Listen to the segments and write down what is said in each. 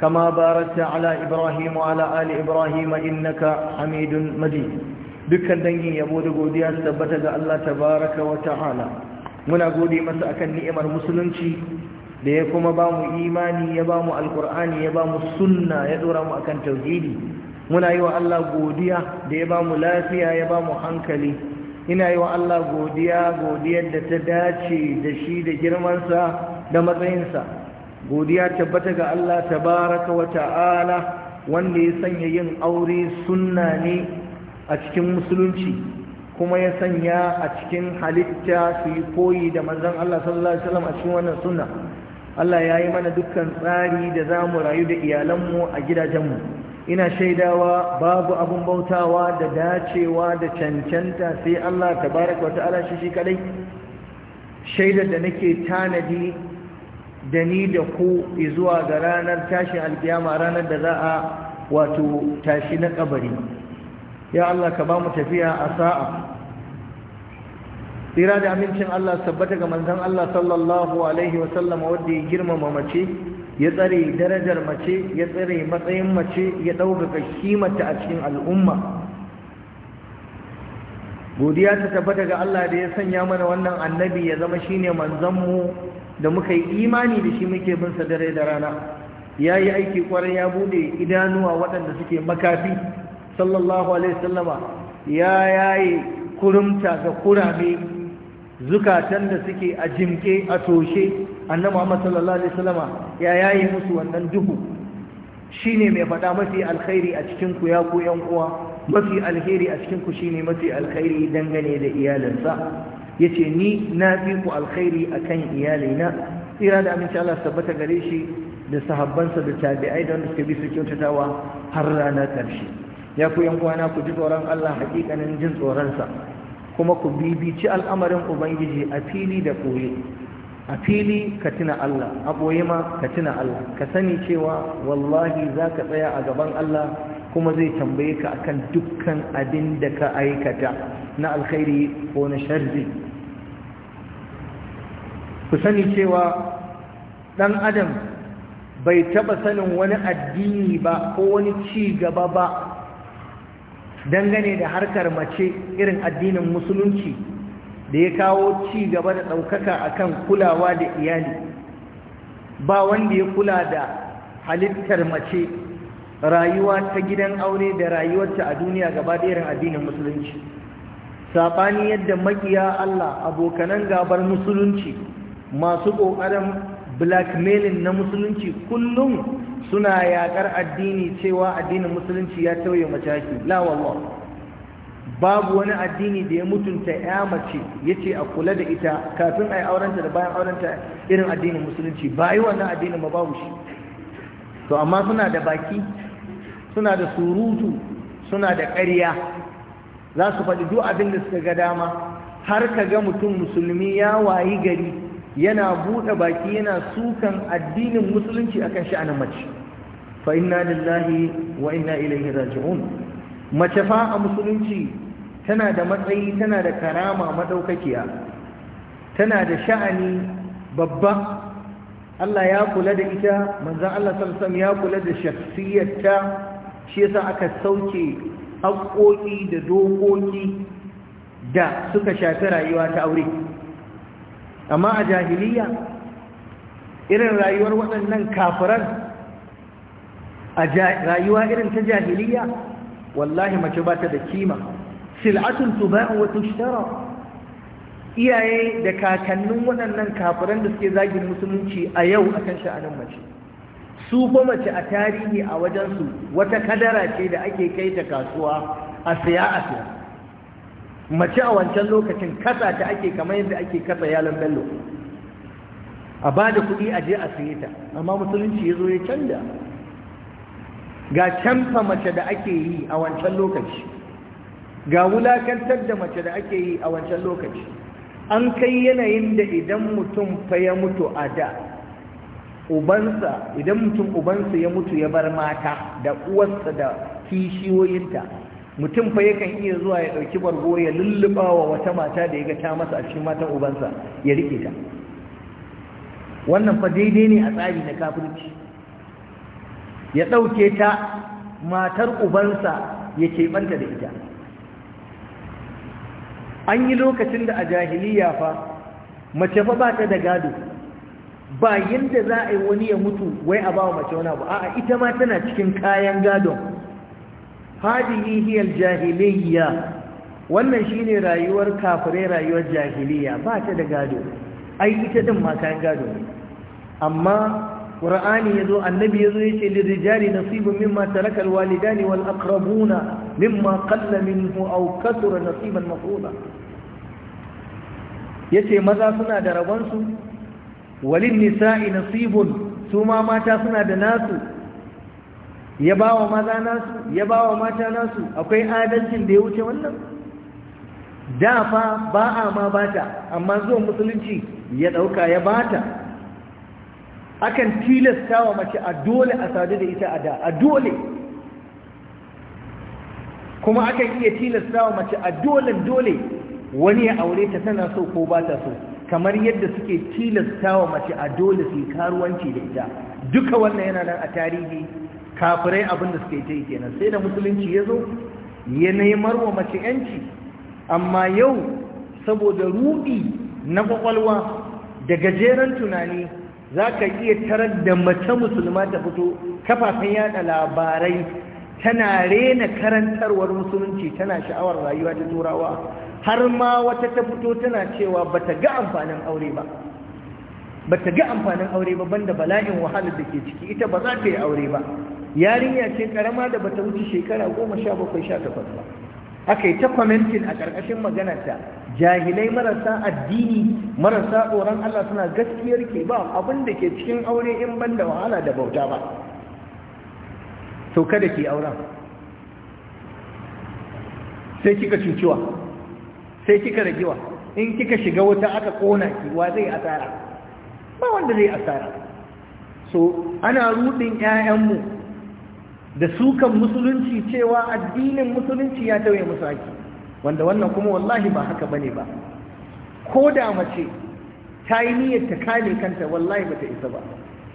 كما باركت على إبراهيم وعلى آل إبراهيم إنك حميد مجيد dukkan dangin yabo da godiya su tabbata ga Allah tabaraka wa ta'ala muna gode masa akan ni'imar musulunci da ya kuma ba mu imani ya ba mu alkur'ani ya ba mu sunna ya dora mu akan tauhidi muna yi wa Allah godiya da ya ba mu lafiya ya ba mu hankali ina yi wa Allah godiya godiyar da ta dace da shi da girmansa da matsayinsa godiya tabbata ga Allah tabaraka wa ta'ala wanda ya sanya yin aure sunna ne a cikin musulunci kuma ya sanya a cikin halitta su yi koyi da manzon Allah sallallahu alaihi wasallam a cikin wannan sunna Allah ya yi mana dukkan tsari da za mu rayu da iyalanmu a gidajenmu ina shaidawa babu abun bautawa da dacewa da cancanta sai Allah tabaraka wa ta'ala shi shi kadai shaidar da nake tanadi da ni da ku zuwa ga ranar tashin alkiyama ranar da za a wato tashi na kabari ya Allah ka ba mu tafiya a sa'a tsira da amincin Allah sabbata ga Manzan Allah sallallahu alaihi wasallam wanda ya girmama mace ya tsare darajar mace ya tsare matsayin mace ya ɗaukaka kimarta a cikin al'umma godiya ta tabbata ga Allah da ya sanya mana wannan annabi ya zama shine manzanmu da muka yi imani da shi muke bin sa dare da rana ya yi aiki kwarai ya bude idanuwa waɗanda suke makafi sallallahu alaihi sallama ya yaye kurumta ga kurame zukatan da suke a jimke a toshe annabi Muhammad sallallahu alaihi sallama ya yaye musu wannan duhu shine mai faɗa mafi alkhairi a cikin ku ya ku yan uwa mafi alkhairi a cikin ku shine mafi alkhairi dangane da iyalinsa Ya ce ni na fi ku alkhairi kan iyalina tsira da abinci Allah sabbata gare shi da sahabbansa da tabi'ai da wanda suka bi su kyautatawa har rana karshe ya ku yan kwana ku ji tsoron Allah hakikanin jin tsoronsa kuma ku bibici al'amarin ubangiji a fili da a fili ka tuna Allah a ɓoye ma ka tuna Allah ka sani cewa wallahi za ka tsaya a gaban Allah kuma zai tambaye ka akan dukkan abin da ka aikata na alkhairi ko na sharri ku sani cewa ɗan adam bai taɓa sanin wani addini ba ko wani ci gaba ba dangane da harkar mace irin addinin musulunci da ya kawo ci gaba da ɗaukaka akan kulawa da iyali ba wanda ya kula da halittar mace rayuwa ta gidan aure da rayuwarta a duniya gaba da irin addinin musulunci saɓani yadda makiya Allah abokanan gabar musulunci masu ƙoƙarin blackmailing na musulunci kullum suna yaƙar addini cewa addinin musulunci ya tauye mataki la babu wani addini da ya mutunta ya mace ya ce a kula da ita kafin a yi aurenta da bayan aurenta irin addinin musulunci ba yi wannan addinin ma babu shi to amma suna da baki suna da surutu suna da ƙarya za su faɗi duk abin da suka ga dama har ka ga mutum musulmi ya wayi gari yana buɗe baki yana sukan addinin musulunci akan sha'anin mace fa inna lillahi wa inna ilaihi raji'un mace fa a musulunci tana da matsayi tana da karama madaukakiya tana da sha'ani babba Allah ya kula da ita manzon Allah sallallahu alaihi ya kula da shakhsiyarta shi yasa aka sauke haƙoƙi da dokoki da suka shafi rayuwa ta aure amma a jahiliya irin rayuwar waɗannan kafiran a rayuwa irin ta jahiliya wallahi mace ba ta da kima sil'atun tuba'u wa shara, iyaye da kakannin waɗannan kafiran da suke zagin musulunci a yau akan sha'anin mace su fa mace a tarihi a wajensu wata kadara ce da ake kai ta kasuwa a siya a siya mace a wancan lokacin kasa ta ake kamar yadda ake kasa yalon bello a ba da kuɗi a je a siye ta amma musulunci ya zo ya canza. ga canfa mace da ake yi a wancan lokaci ga wulakantar da mace da ake yi a wancan lokaci an kai yanayin da idan mutum fa ya mutu a da ubansa idan mutum ubansa ya mutu ya bar mata da uwarsa da kishiyoyinta mutum fa yakan iya zuwa ya ɗauki bargo ya lulluba wa wata mata da ya ga ta masa a cikin matan ubansa ya rike ta wannan fa daidai ne a tsari na kafirci ya ɗauke ta matar ubansa ya keɓanta da ita an yi lokacin da a jahiliya fa mace fa ba ta da gado ba yadda za a yi wani ya mutu wai a ba wa mace wani abu a'a ita ma tana cikin kayan gadon hadihi hiya jahiliya wannan shine rayuwar kafirai rayuwar jahiliya ba ta da gado ai ita din ma kayan gado ne amma qur'ani yazo annabi yazo yace lirijali nasibun mimma taraka alwalidani wal aqrabuna mimma qalla minhu aw kathura nasiban mafruḍa yace maza suna da su walin nisa'i nasibun su ma mata suna da nasu ya ba wa maza nasu ya ba wa mata nasu akwai adalcin da ya wuce wannan da fa ba a ma bata amma zuwa musulunci ya ɗauka ya bata akan tilasta wa mace a dole a sadu da ita a da a dole kuma akan iya tilasta wa mace a dole dole wani ya aure ta tana so ko ba ta so kamar yadda suke tilasta wa mace a dole su yi karuwanci da ita duka wannan yana nan a tarihi kafirai abin da suke yi kenan sai da musulunci ya zo ya nemar wa mace yanci amma yau saboda ruɗi na kwakwalwa da gajeren tunani za ka iya tarar da mace musulma ta fito kafafen yada labarai tana rena karantarwar musulunci tana sha'awar rayuwa ta turawa har ma wata ta fito tana cewa ba ta ga amfanin aure ba ba ta ga amfanin aure ba banda bala'in wahalar da ke ciki ita ba za ta yi aure ba yarinya ce karama da bata wuce shekara goma sha bakwai sha takwas ba aka yi ta kwamentin a ƙarƙashin maganarta jahilai marasa addini marasa tsoron Allah suna gaskiyar ke ba abin da ke cikin aure in ban da wahala da bauta ba Sauka da ke auren sai kika cuciwa sai kika ragewa in kika shiga wuta aka kona ki wa zai asara ba wanda zai asara so ana rudin 'ya'yanmu da sukan musulunci cewa addinin musulunci ya tauye musu aiki. wanda wannan kuma wallahi ba haka bane ba ko da mace ta yi niyyar ta kame kanta wallahi bata isa ba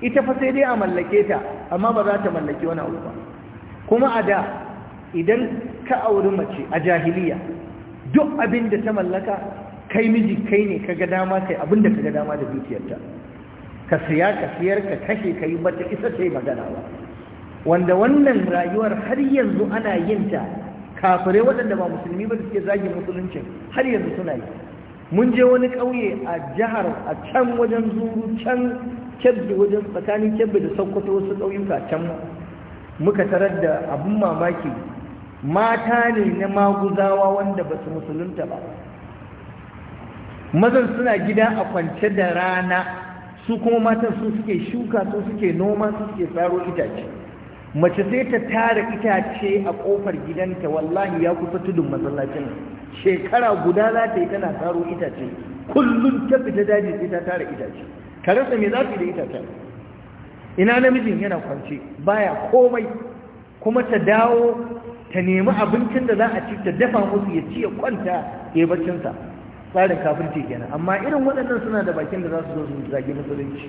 ita fa sai dai a mallake ta amma ba za ta mallaki wani abu ba kuma a da idan ka auri mace a jahiliya duk abin da ta mallaka kai miji kai ne kaga dama kai abin da kaga dama da dukiyarta ka siya ka siyar ka kashe ka yi bata isa sai magana ba wanda wannan rayuwar har yanzu ana yin ta kafare waɗanda ba musulmi ba suke zagin musuluncin har yanzu suna yi mun je wani ƙauye a jihar a can wajen zuru can kebbi wajen tsakanin kebbi da sokoto wasu ƙauyuka can muka tarar da abin mamaki mata ne na maguzawa wanda ba su musulunta ba mazan suna gida a kwance da rana su kuma matan su suke shuka su suke noma su suke tsaro itace mace sai ta tara itace a kofar gidanta wallahi ya kusa tudun masallacin shekara guda za ta yi tana taro itace kullum ta fita daji sai ta tara itace ka rasa me za da itace ina namijin yana kwance baya komai kuma ta dawo ta nemi abincin da za a ci ta dafa musu ya ci ya kwanta ya baccinsa tsarin kafirci kenan amma irin waɗannan suna da bakin da za su zo su zage musulunci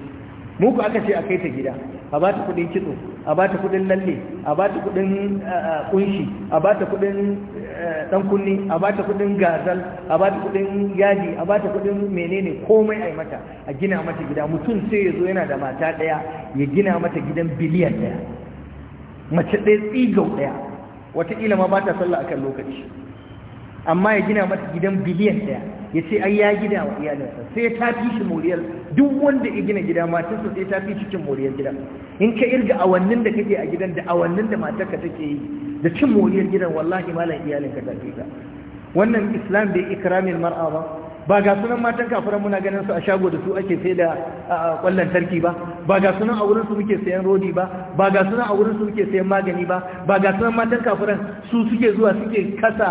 muku aka ce a kai ta gida a ba ta kudin kitso a ba ta kudin lalle a ba ta kudin kunshi eh, eh, a ba ta kudin dan eh, a ba ta kudin gazal a ba ta kudin yaji, a ba ta kudin menene komai ai mata a gina mata gida mutum sai ya zo yana da mata ɗaya, ya gina mata gidan biliyan daya mace ɗaya tsigau daya wataƙila ma ba ta sallah akan lokaci amma ya gina mata gidan biliyan ɗaya. ya ce ai ya gida wa iyalinsa sai ya tafi shi moriyar duk wanda ya gina gida matarsa sai ta fi cikin moriyar gida in ka irga awannin da kake a gidan da awannin da matarka take yi da cin moriyar gidan wallahi malam iyalinka ta fi wannan islam bai ikramin mar'a ba ba ga sunan matan kafiran muna ganin su a shago da su ake sai da kwallon tarki ba ba ga sunan a wurin su muke sayan rodi ba ba ga sunan a wurin su muke sayan magani ba ba ga sunan matan kafiran su suke zuwa suke kasa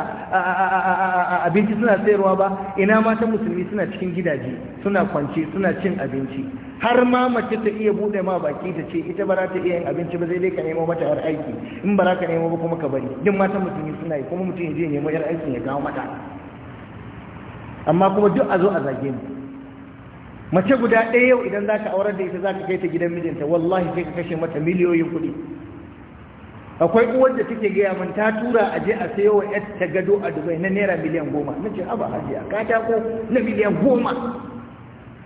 abinci suna sayarwa ba ina matan musulmi suna cikin gidaje suna kwance suna cin abinci har ma mace ta iya bude ma baki ta ce ita ba ta iya yin abinci ba zai dai ka nemo mata yar aiki in ba za ka nemo ba kuma ka bari duk matan musulmi suna yi kuma mutum ya je nemo yar aikin ya kawo mata amma kuma duk a zo a zage mu mace guda ɗaya yau idan za ka aurar da ita za ka kai ta gidan mijinta wallahi sai ka kashe mata miliyoyin kuɗi akwai uwar da take gaya min ta tura a je a sayo wa yar ta gado a dubai na naira miliyan goma na ce a hajiya katako na miliyan goma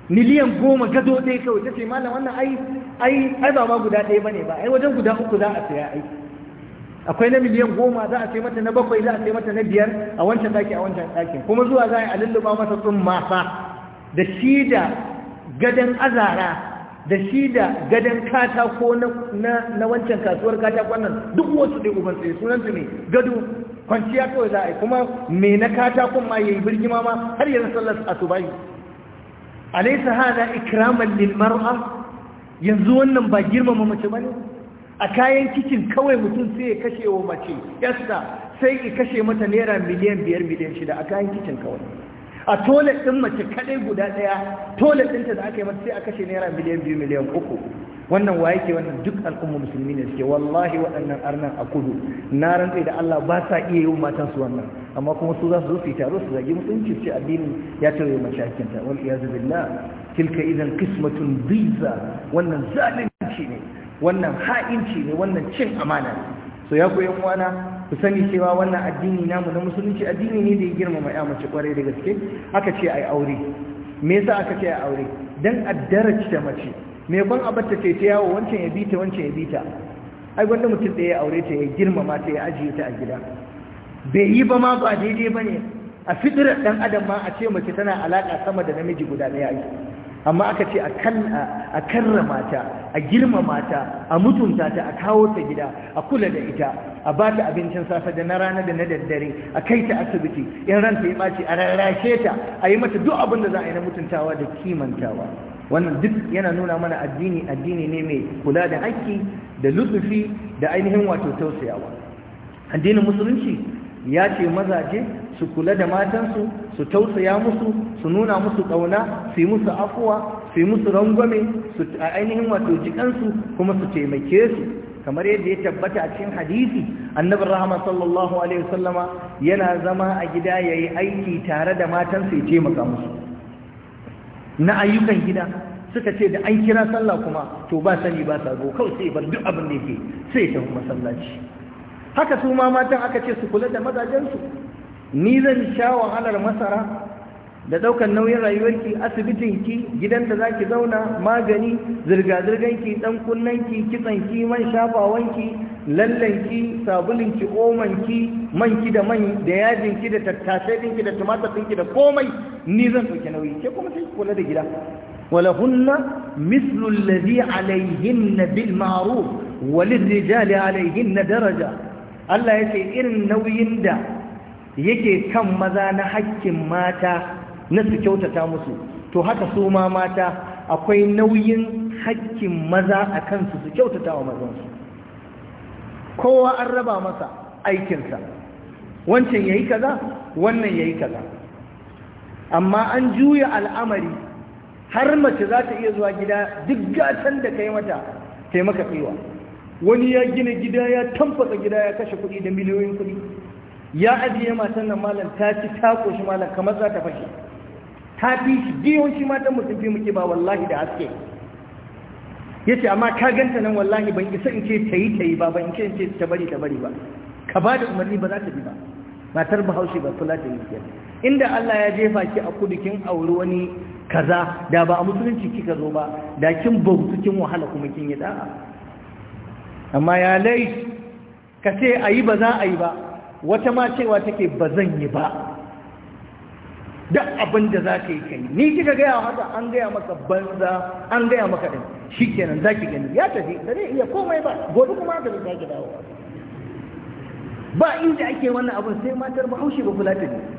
miliyan goma gado ɗaya kawai ta ce malam wannan ai ai ai ba ma guda ɗaya bane ba ai wajen guda uku za a saya aiki. akwai na miliyan goma za a sai mata na bakwai za a sai mata na biyar a wancan daki a wancan ɗakin kuma zuwa za a lulluba masa tsun masa da shi da gadon azara da shi da gadon katako na wancan kasuwar katakon nan duk wasu dai uban tsaye sunan su ne gado kwanciya kawai za a yi kuma me na katakon ma ya birgima ma har yanzu sallar yi. alaysa hada ikraman lil mar'a yanzu wannan ba girmama mace bane a kayan kicin kawai mutum sai ya kashe wa mace yasta sai ya kashe mata naira miliyan biyar miliyan shida a kayan kicin kawai a toilet ɗin mace kaɗai guda ɗaya toilet ɗinta da aka yi mata sai a kashe naira miliyan biyu miliyan uku wannan waye ke wannan duk al'umma musulmi ne suke wallahi waɗannan arnan a kudu na rantse da Allah ba sa iya yi matan su wannan amma kuma su za su zo su taro su zagi mutunci ce addini ya tare mace wal iyazu billah tilka idan qismatun biza wannan zalunci ne wannan ha'inci ne wannan cin amana ne so ya koyi wana ku sani cewa wannan addini namu na musulunci addini ne da ya girmama ya mace kwarai da gaske aka ce ai aure me yasa aka ce ai aure dan addarace ta mace me ban abarta ce ta yawo wancan ya bita wancan ya bita ai wanda mutum da ya aure ta ya girmama ta ya ajiye ta a gida bai yi ba ma ba daidai bane a fitirar dan adam ma a ce mace tana alaka sama da namiji guda ne ake amma aka ce a karrama ta a girmama ta a mutunta ta a kawo ta gida a kula da ita a ba ta abincin safe da na rana da na daddare a kai ta asibiti in ranta ya ɓace, a rarrashe ta a yi mata duk abin da za a yi na mutuntawa da kimantawa wannan duk yana nuna mana addini addini ne mai kula da haƙƙi da lutsufi da ainihin wato tausayawa addinin musulunci ya ce mazaje su kula da matansu su tausaya musu su nuna musu ƙauna su yi musu afuwa su yi musu rangwame su a ainihin wato jikansu kuma su taimake su kamar yadda ya tabbata a cikin hadisi annabi rahama sallallahu alaihi wasallama yana zama a gida ya aiki tare da matansu ya taimaka musu na ayyukan gida suka ce da an kira sallah kuma to ba sani ba sa go kawai sai bar duk abin da yake sai ya tafi masallaci haka su ma matan aka ce su kula da mazajensu ni zan sha wahalar masara da ɗaukar nauyin rayuwarki asibitinki gidan da za ki zauna magani zirga-zirganki ɗan kunnanki kitsanki man shafawanki lallanki sabulinki omanki manki da man da yajinki da tattashaɗinki da tumatatinki da komai ni zan ɗauki nauyi ke kuma sai kula da gida wala hunna mislu allazi na bil ma'ruf walil rijali na daraja Allah ya ce irin nauyin da yake kan maza na hakkin mata na su kyautata musu to haka su ma mata akwai nauyin hakkin maza a kansu su kyautata wa mazansu kowa an raba masa aikinsa wancan ya yi kaza wannan ya yi kaza amma an juya al'amari har mace za ta iya zuwa gida duk gatan da kai mata taimaka tsiwa wani ya gina gida ya tamfasa gida ya kashe kuɗi da miliyoyin kuɗi ya ajiye matan nan malam ta ci ta koshi malam kamar za ta fashe ta fi shi biyon shi matan mutum fi muke ba wallahi da haske ya ce amma ka ganta nan wallahi ban isa in ce ta yi ta yi ba ban ce in ce ta bari ta bari ba ka ba da umarni ba za ta bi ba matar bahaushe ba kula ta yi inda Allah ya jefa ki a kudu kin auri wani kaza da ba a musulunci kika zo ba da kin bautu kin wahala kuma kin yi da'a amma ya lai ka ce a yi ba za a yi ba wata ma cewa take ba zan yi ba duk abin da za ka yi kai ni kika gaya haka an gaya maka banza an gaya maka ɗin shi kenan za ki gani ya tafi da zai iya komai ba gobe kuma da zai sake dawo ba inda ake wannan abin sai matar bahaushe ba kula ta ne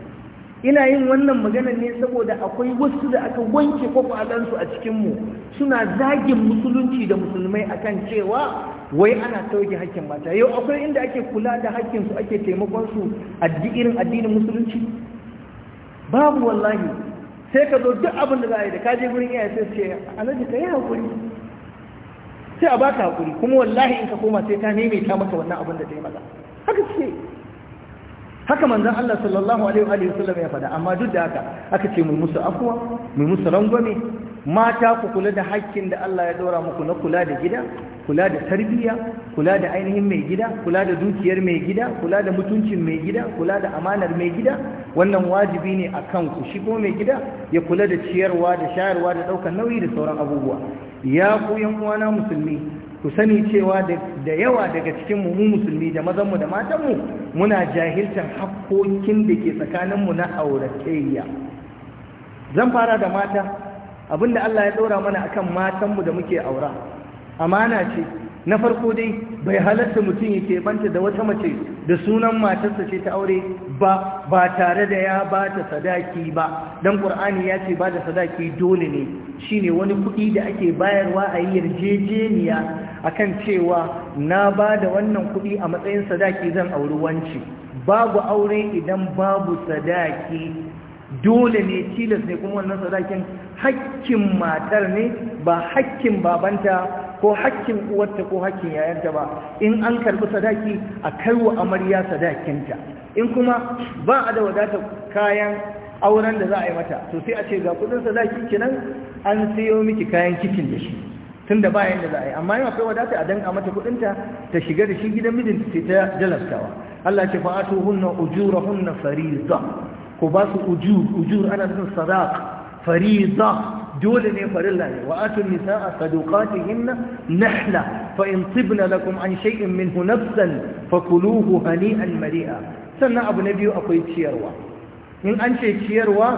ina yin wannan magana ne saboda akwai wasu da aka wanke kwakwalansu a cikinmu suna zagin musulunci da musulmai akan cewa wai ana sauke hakkin mata yau akwai inda ake kula da hakkinsu ake taimakonsu irin addinin musulunci babu wallahi sai ka zo duk abin da za a yi da kaje gurin iyaye sai ce alhaji ka yi hakuri sai a baka hakuri kuma wallahi in ka koma sai ta ta maka wannan abin da ta yi maka haka ce haka manzon Allah sallallahu alaihi wa sallam ya faɗa amma duk da haka aka ce mu musu afuwa, mu musu rangwame mata ku kula da hakkin da Allah ya ɗora muku na kula da gida kula da tarbiyya kula da ainihin mai gida kula da dukiyar mai gida kula da mutuncin mai gida kula da amanar mai gida wannan wajibi ne a kan ku shigo mai gida ya kula da ciyarwa da shayarwa da ɗaukar nauyi da sauran abubuwa ya ku yan uwana musulmi ku sani cewa da yawa daga cikin mu musulmi da mazanmu da matanmu muna jahilcin hakkokin da ke tsakaninmu na auratayya zan fara da mata abinda Allah ya ɗora mana akan matanmu da muke aura amana ce na farko dai bai halatta mutum yake banta da wata mace da sunan matarsa ce ta aure ba ba tare da ya ba ta sadaki ba dan ƙur'ani ya ce ba da sadaki dole ne shine wani kuɗi da ake bayarwa a yi yarjejeniya akan cewa na ba da wannan kuɗi a matsayin sadaki zan auri wanci babu aure idan babu sadaki dole ne tilas ne kuma wannan sadakin hakkin matar ne ba hakkin babanta ko hakkin uwarta ko hakkin yayanta ba in an karɓi sadaki a kaiwa amarya sadakinta in kuma ba a da wadatar kayan auren da za a yi mata to sai a ce ga kudin sadaki kenan an siyo miki kayan kicin da shi tun da bayan da za a yi amma yin akwai wadata a danka mata kudinta ta shiga da shi gidan mijinta sai ta jalastawa Allah ce fa atu hunna ujurahunna fariza ko ba su ujur ujur ana nufin sadaq fariza dole ne farilla ne wa atun nisaa sadaqatihinna nahla fa in tibna lakum an shay'in minhu nafsan fakuluhu hani'an mari'a sannan abu na biyu akwai ciyarwa in an ce ciyarwa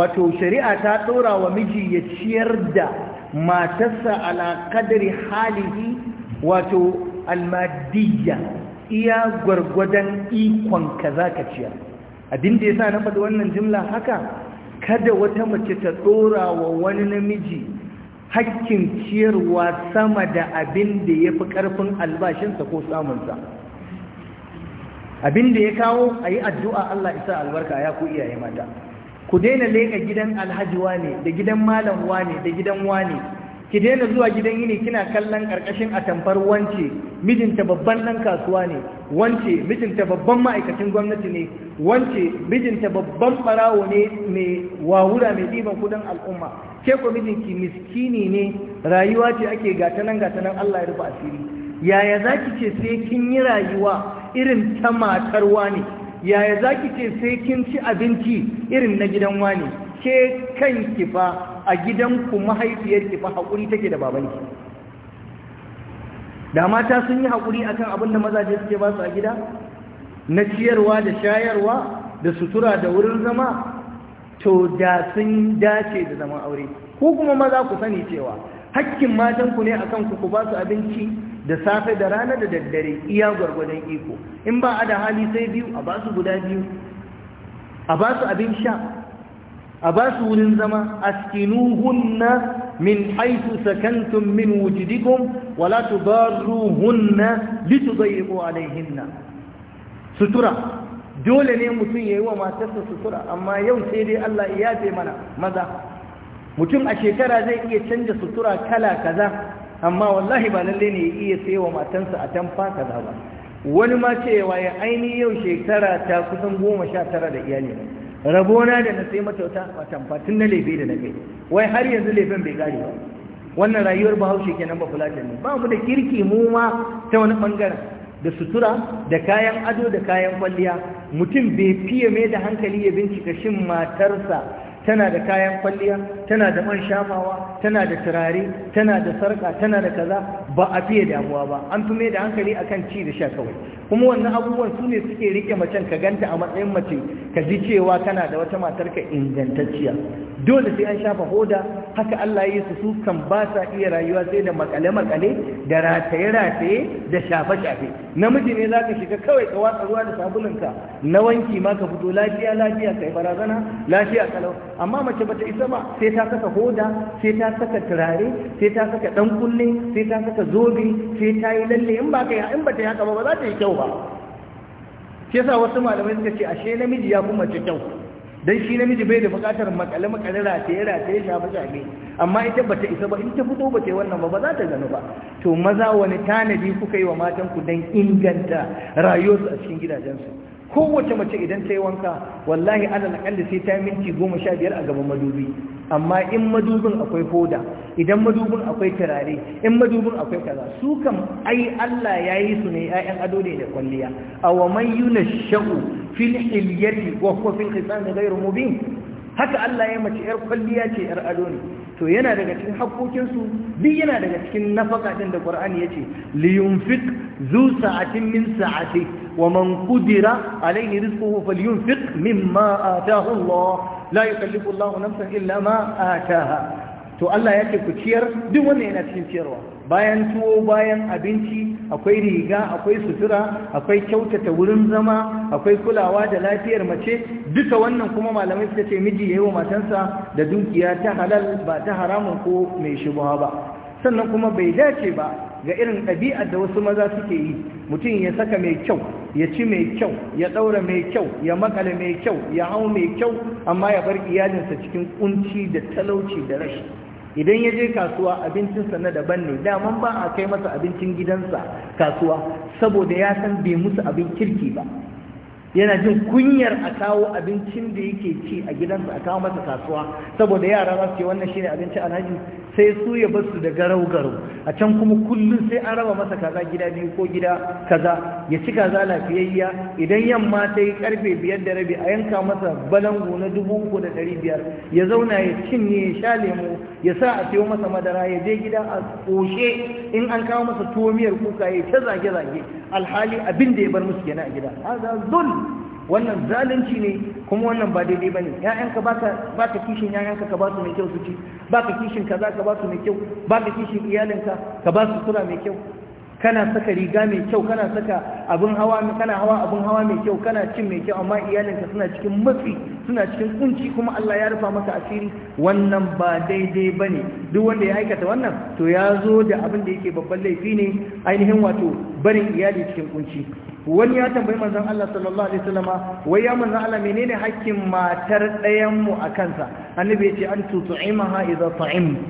wato shari'a ta tsora wa miji ya ciyar da matarsa ala kadari halihi wato almadiyya iya gwargwadon ikon ka za ka ciyar abin da ya sa na faɗi wannan jimla haka kada wata mace ta dora wa wani namiji hakkin ciyarwa sama da abin da ya fi ƙarfin albashinsa ko samunsa abin da ya kawo a yi addu'a Allah isa albarka ya ku iyaye mata ku daina leƙa gidan alhajiwa ne da gidan malamwa ne da gidan wane ki daina zuwa gidan yini kina kallon karkashin atamfar wance mijinta babban dan kasuwa ne wance mijinta babban ma'aikacin gwamnati ne wance mijinta babban barawo ne mai wawura mai ɗiban kudin al'umma ke ko mijinki miskini ne rayuwa ce ake gata nan gata nan Allah ya rufe asiri yaya zaki ce sai kin yi rayuwa irin ta matar ne? yaya zaki ce sai kin ci abinci irin na gidan wani ke kanki fa a gidanku mahaifiyarki fa haƙuri take da babanki da mata sun yi haƙuri akan abin da mazaje suke ba su a gida na ciyarwa da shayarwa da sutura da wurin zama to da sun dace da zaman aure ko kuma maza ku sani cewa hakkin matanku ne akan ku ku ba su abinci da safe da rana da daddare iya gwargwadon iko in ba a da hali sai biyu a ba su guda biyu a ba su abin sha a ba su wurin zama askinuhunna min haitu sakantum min wujidikum wala tudarruhunna litudayyiqu alaihinna sutura dole ne mutum yayi wa matarsa sutura amma yau sai dai Allah ya yafe mana maza mutum a shekara zai iya canja sutura kala kaza amma wallahi ba lalle ne ya iya wa matansa a tamfa kaza ba wani ma cewa ya aini yau shekara ta kusan goma sha tara da iyali rabona da na sai matauta a tamfatin na laifi da na kai wai har yanzu laifin bai gari ba wannan rayuwar bahaushe kenan ba fulata ne ba mu da kirki mu ma ta wani bangaren da sutura da kayan ado da kayan kwalliya mutum bai fiye mai da hankali ya bincika shin matarsa tana da kayan kwalliya tana da man shafawa, tana da turare tana da sarka tana da kaza ba a fiye damuwa ba an fi mai da hankali akan ci da sha kawai kuma wannan abubuwan su ne suke rike macen ka ganta a matsayin mace ka ji cewa kana da wata matar ka ingantacciya dole sai an shafa hoda haka Allah ya yi su sukan kan ba sa iya rayuwa sai da makale-makale da rataye-rataye da shafe-shafe namiji ne zaka shiga kawai ka watsa ruwa da ka na wanki ma ka fito lafiya lafiya kai barazana lafiya kalau amma mace bata isa ba sai ta saka hoda sai ta saka turare sai ta saka dan kunne sai ta saka zobe sai ta yi lalle in ba ka in bata yaka ba ba za ta yi kyau ba ba shi yasa wasu malamai suka ce ashe namiji ya kuma mace kyau dan shi namiji bai da bukatar makale makale rataye rataye shafe shafe amma ita bata isa ba in ta fito ba ce wannan ba ba za ta gano ba to maza wani tanadi kuka yi wa matan ku dan inganta rayuwarsu a cikin gidajensu kowace mace idan ta yi wanka wallahi na akalli sai ta minti goma sha biyar a gaban madubi amma in madubin akwai hoda idan madubin akwai turare in madubin akwai kaza su kam ai Allah ya yi su ne ‘ya'yan ado ne da kwalliya a wa man yuna sha'u fil hilyati wa kuwa fil khisan da gairu mubin haka Allah ya mace ‘yar kwalliya ce ‘yar ado ne to yana daga cikin haƙoƙinsu duk yana daga cikin nafaka ɗin da ƙwar'ani ya ce liyunfik zu sa'atin min sa'ati ومن قدر عليه رزقه فلينفق مما آتاه الله لا يكلف الله نفسا إلا ما آتاها to Allah ya ce ku ciyar duk wanda yana cikin ciyarwa bayan tuwo bayan abinci akwai riga akwai sutura akwai kyautata wurin zama akwai kulawa da lafiyar mace duka wannan kuma malamai suka ce miji yayi wa matansa da dukiya ta halal ba ta haramun ko mai shubha ba sannan kuma bai dace ba ga irin ɗabi'ar da wasu maza suke yi mutum ya saka mai kyau ya ci mai kyau ya ɗaura mai kyau ya makale mai kyau ya hau mai kyau amma ya bar iyalinsa cikin ƙunci da talauci da rashi idan ya je kasuwa abincinsa na daban ne daman ba a kai masa abincin gidansa kasuwa saboda ya san bai musu abin kirki ba yana jin kunyar a kawo abincin da yake ci a gidansa a kawo masa kasuwa saboda yara za su ce wannan shine abinci alhaji sai su ya basu da garau garau a can kuma kullum sai an raba masa kaza gida biyu ko gida kaza ya ci kaza lafiyayya idan yamma ta yi karfe biyar da rabi a yanka masa balangu na dubu uku da ɗari biyar ya zauna ya cinye ya sha lemo ya sa a siyo masa madara ya je gida a ƙoshe in an kawo masa tuwo miyar kuka ya ta zage-zage alhali abin da ya bar musu kenan a gida haza zul wannan zalunci ne kuma wannan ba daidai ba ne ‘ya'yanka ba ka kishin ‘ya'yanka ka ba su mai kyau su ci ba ka kishin kaza ka ba su mai kyau ba kishin iyalinka ka ba su sura mai kyau kana saka riga mai kyau kana saka abin hawa kana hawa abin hawa mai kyau kana cin mai kyau amma iyalinka suna cikin matsi suna cikin kunci kuma Allah ya rufa maka asiri wannan ba daidai bane duk wanda ya aikata wannan to ya zo da abin da yake babban laifi ne ainihin wato barin iyali cikin kunci wani ya tambayi manzon Allah sallallahu alaihi wai ya manzon Allah menene hakkin matar ɗayan mu a kansa annabi ya ce an tutu'imaha idza ta'imt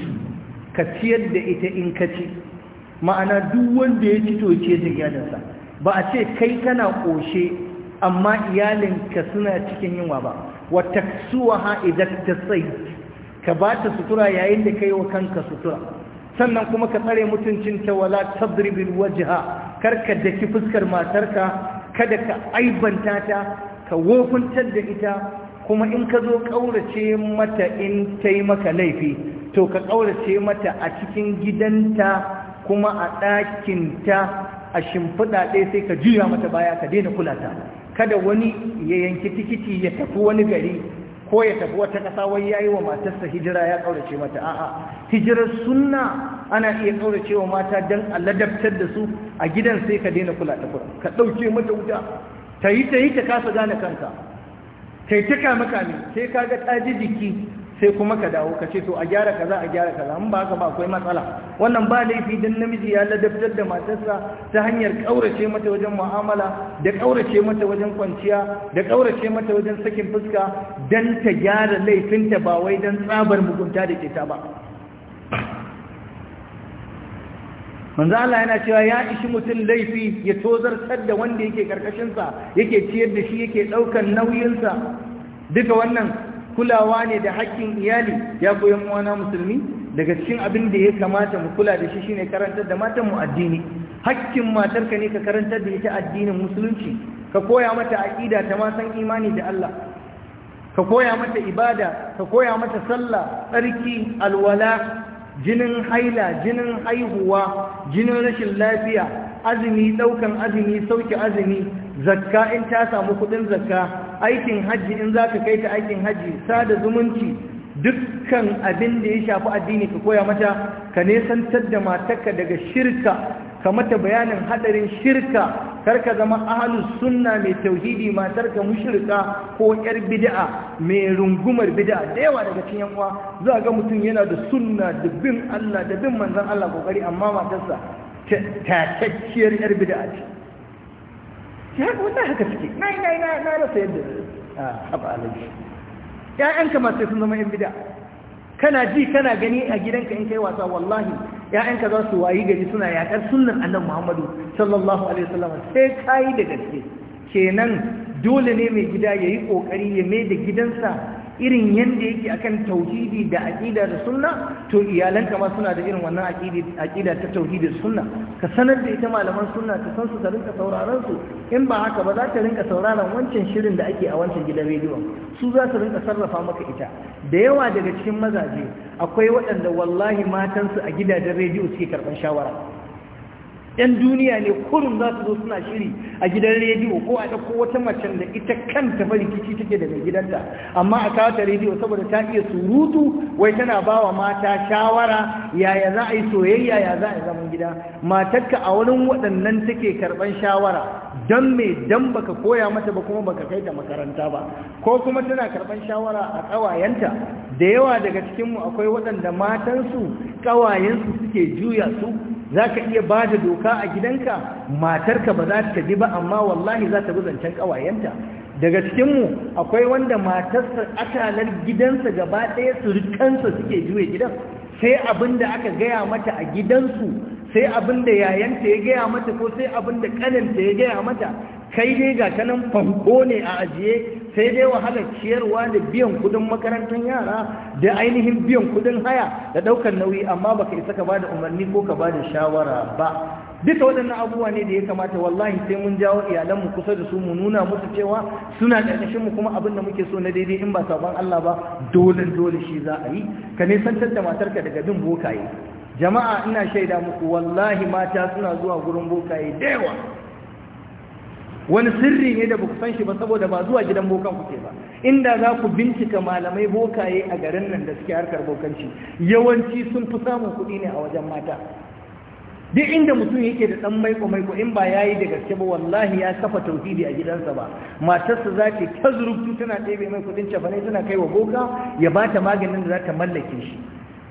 ka ciyar da ita in ka ci ma'ana duk wanda ya ci toce da iyalinsa ba a ce kai kana ƙoshe amma iyalinka suna cikin yunwa ba wata suwa ha ta sai ka ba ta sutura yayin da ka yi wa kanka sutura sannan kuma ka tsare mutuncin ta wala tadribil wajha karka da ki fuskar matarka kada ka aibanta ta ka wofuntar da ita kuma in ka zo ƙaurace mata in ta maka laifi to ka ƙaurace mata a cikin gidanta kuma a ɗakinta a shimfiɗa ɗaya sai ka juya mata baya ka daina kula ta kada wani ya yanki tikiti ya tafi wani gari ko ya tafi wata ƙasa wai ya yi wa matarsa hijira ya ƙaurace mata a'a hijirar sunna ana iya ƙaurace wa mata don a ladabtar da su a gidan sai ka daina kula ta kura ka ɗauke mata wuta ta yi ta yi ta kasa gane kanka ta yi ta kame kame sai ka ga ɗaji jiki sai kuma ka dawo ka ce to a gyara kaza a gyara kaza in ba haka ba akwai matsala wannan ba laifi dan namiji ya ladabtar da matarsa ta hanyar kaurace mata wajen mu'amala da kaurace mata wajen kwanciya da kaurace mata wajen sakin fuska dan ta gyara laifin ta ba wai dan tsabar mugunta da ke ta ba manzo Allah yana cewa ya ishi mutum laifi ya tozar da wanda yake karkashinsa yake ciyar da shi yake daukan nauyinsa duka wannan kulawa ne da haƙƙin iyali ya koyan uwana musulmi daga cikin abin da ya kamata mu kula da shi shine karantar da matan mu addini haƙƙin matarka ne ka karantar da ita addinin musulunci ka koya mata aqida ta masan imani da Allah ka koya mata ibada ka koya mata sallah tsarki alwala jinin haila jinin haihuwa jinin rashin lafiya azumi daukan azumi sauke azumi zakka in ta samu kudin zakka aikin hajji in za ka kai ta aikin hajji sada zumunci dukkan abin da ya shafi addini ka koya mata ka nesantar da matarka daga shirka ka mata bayanin hadarin shirka kar ka zama ahlus sunna mai tauhidi matarka mushrika ko yar bid'a mai rungumar bid'a da yawa daga cikin yanwa za ga mutum yana da sunna da bin Allah da bin manzon Allah kokari amma matarsa ta tatacciyar yar bid'a ce shi haka wannan haka suke na na na na rasa yadda a ah, ba alaji ƴaƴanka masu sun zama yan bida kana ji kana gani a gidanka in kai wasa wallahi yayanka za su wayi gari suna yakar sunan annabi Muhammadu sallallahu alaihi wasallam sai kai da gaske kenan dole ne mai gida ya yi ƙoƙari ya mai da gidansa irin yadda yake akan tauhidi da aqida da sunna to iyalanka ma suna da irin wannan aqidi aqida ta tauhidi da sunna ka sanar da ita malaman sunna ka san su ka rinka sauraron su in ba haka ba za ta rinka sauraron wancan shirin da ake a wancan gidan rediyo su za su rinka sarrafa maka ita da yawa daga cikin mazaje akwai waɗanda wallahi matan su a gidajen rediyo suke karɓar shawara yan duniya ne kurin za su zo suna shiri a gidan rediyo ko a ɗauko wata macen da ita kanta fa rikici take da mai gidanta amma a kawata rediyo saboda ta iya surutu wai tana ba wa mata shawara yaya za a yi soyayya ya za a yi zaman gida matarka a wurin waɗannan take karɓar shawara don me don baka koya mata ba kuma baka kai ta makaranta ba ko kuma tana karɓar shawara a ƙawayenta da yawa daga cikinmu akwai waɗanda matansu ƙawayensu suke juya su za ka iya ba da doka a gidanka matarka ba za ta ji ba amma wallahi za ta zancen ƙawayenta daga cikinmu akwai wanda matarsa akalar gidansa gaba ɗaya surukansa suke juye gidan sai abin da aka gaya mata a gidansu sai abin da yayanta ya gaya mata ko sai abin da ya gaya mata kai dai ga kanan fanko ne a ajiye sai dai wahalar ciyarwa da biyan kudin makarantar yara da ainihin biyan kudin haya da daukar nauyi amma baka isa ka bada umarni ko ka ba da shawara ba duka waɗannan abubuwa ne da ya kamata wallahi sai mun jawo iyalanmu kusa da su mu nuna musu cewa suna ƙarƙashin mu kuma abin da muke so na daidai in ba sabon Allah ba dole dole shi za a yi ka nisantar da matarka daga bin bokaye jama'a ina shaida muku wallahi mata suna zuwa gurin bokaye da yawa wani sirri ne da buku san shi ba saboda ba zuwa gidan bokan kuke ba inda za ku bincika malamai bokaye a garin nan da suke harkar bokanci yawanci sun fi samun kuɗi ne a wajen mata duk inda mutum yake da ɗan maiko maiko in ba yayi da gaske ba wallahi ya kafa tauhidi a gidansa ba matarsa za ta ta zurubtu tana ɗebe mai kuɗin cefane tana kai wa boka ya ba ta maganin da za ta mallake shi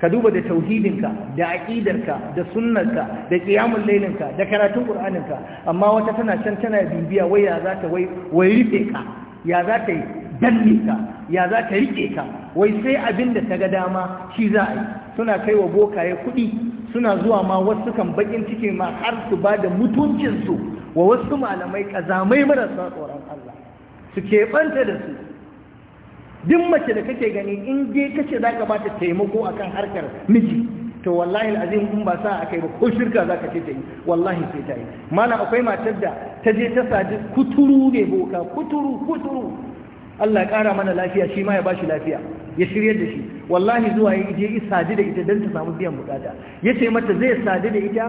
ka duba da tauhidinka da aqidarka da sunnarka da qiyamul lailinka da karatun qur'aninka amma wata tana can tana bibiya wai ya za ta wai wai rufe ka ya za ta danne ka ya za ta rike ka wai sai abin da ta ga dama shi za a yi suna kai wa bokaye kuɗi suna zuwa ma wasu kan bakin ciki ma har su ba da mutuncinsu wa wasu malamai ƙazamai marasa tsoron Allah su keɓanta da su duk mace da kake gani in je kace za ka bata taimako akan harkar miji to wallahi alazim in ba sa akai ba ko shirka za ka ce ta yi wallahi sai ta yi Mana akwai matar da ta je ta sadi kuturu ne boka kuturu kuturu Allah ya kara mana lafiya shi ma ya bashi lafiya ya shiryar da shi wallahi zuwa ya je ya sadi da ita don ta samu biyan bukata ya ce mata zai sadi da ita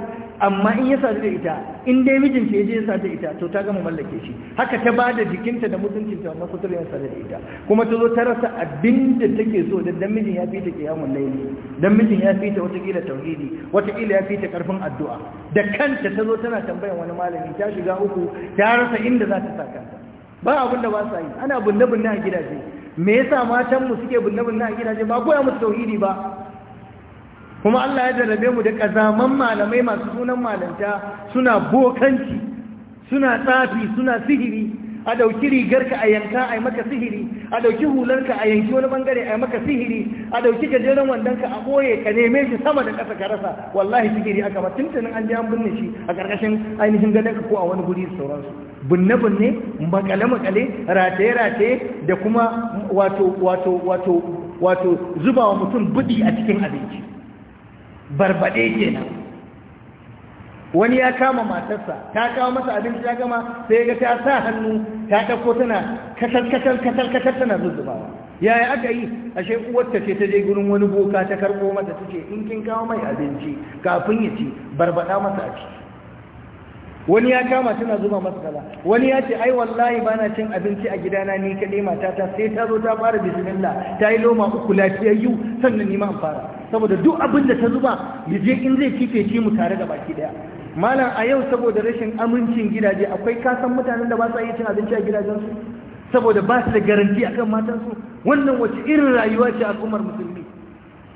amma in ya sadu da ita in dai mijinta ya je ya sadu da ita to ta gama mallake shi haka ta ba da jikinta da mutuncinta amma kutar ya sadu da ita kuma ta zo ta rasa abin da take so don dan mijin ya fi ta yawon laili dan mijin ya fi ta watakila tauhidi watakila ya fi ta karfin addu'a da kanta ta zo tana tambayan wani malami ta shiga uku ta rasa inda za ta sa kanta ba abin da ba sa yi ana bunne-bunne a gidaje me yasa matan mu suke bulle bulle a gidaje ba koya musu tauhidi ba kuma Allah ya jarrabe mu da kazaman malamai masu sunan malanta suna bokanci suna tsafi suna sihiri a ɗauki rigarka a yanka a yi maka sihiri a ɗauki hularka a yanki wani bangare a yi maka sihiri a ɗauki gajeren wandonka a ɓoye ka neme shi sama da ƙasa ka rasa wallahi sihiri aka ba tuntunin an ji an binne shi a ƙarƙashin ainihin ka ko a wani guri sauransu binne-binne makale-makale rataye-rataye da kuma wato wato wato wato zuba mutum buɗi a cikin abinci barbaɗe kenan wani ya kama matarsa ta kawo masa abinci ya gama sai ga ta sa hannu ta ɗauko tana katar katar katar katar tana zuzzubawa yaya aka yi ashe uwarta ce ta je gurin wani boka ta karɓo mata ta in kin kawo mai abinci kafin ya ci barbaɗa masa a ci. wani ya kama tana zuba masa kaza wani ya ce ai wallahi bana cin abinci a gidana ni kaɗai matata sai ta zo ta fara bismillah ta yi loma uku lafiyayyu sannan ni ma fara saboda duk abin da ta zuba yaje in zai kife ci mu tare da baki daya malam a yau saboda rashin amincin gidaje akwai kasan mutanen da ba su yi cin abinci a gidajensu saboda ba su da garanti akan matansu wannan wace irin rayuwa ce al'ummar musulmi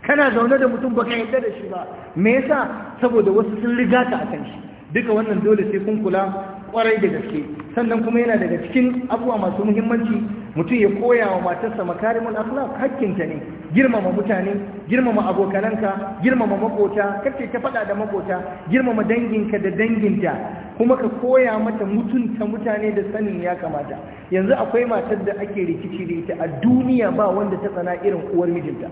kana zaune da mutum baka yadda da shi ba me yasa saboda wasu sun riga ka kan shi duka wannan dole sai kun kula kwarai da gaske sannan kuma yana daga cikin abuwa masu muhimmanci mutum ya koya wa matarsa makarimul akhlaq hakkinta ne girmama mutane girmama abokananka girmama makota kace ta faɗa da makota girmama danginka da danginta kuma ka koya mata mutunta mutane da sanin ya kamata yanzu akwai matar da ake rikici da ita a duniya ba wanda ta tsana irin uwar mijinta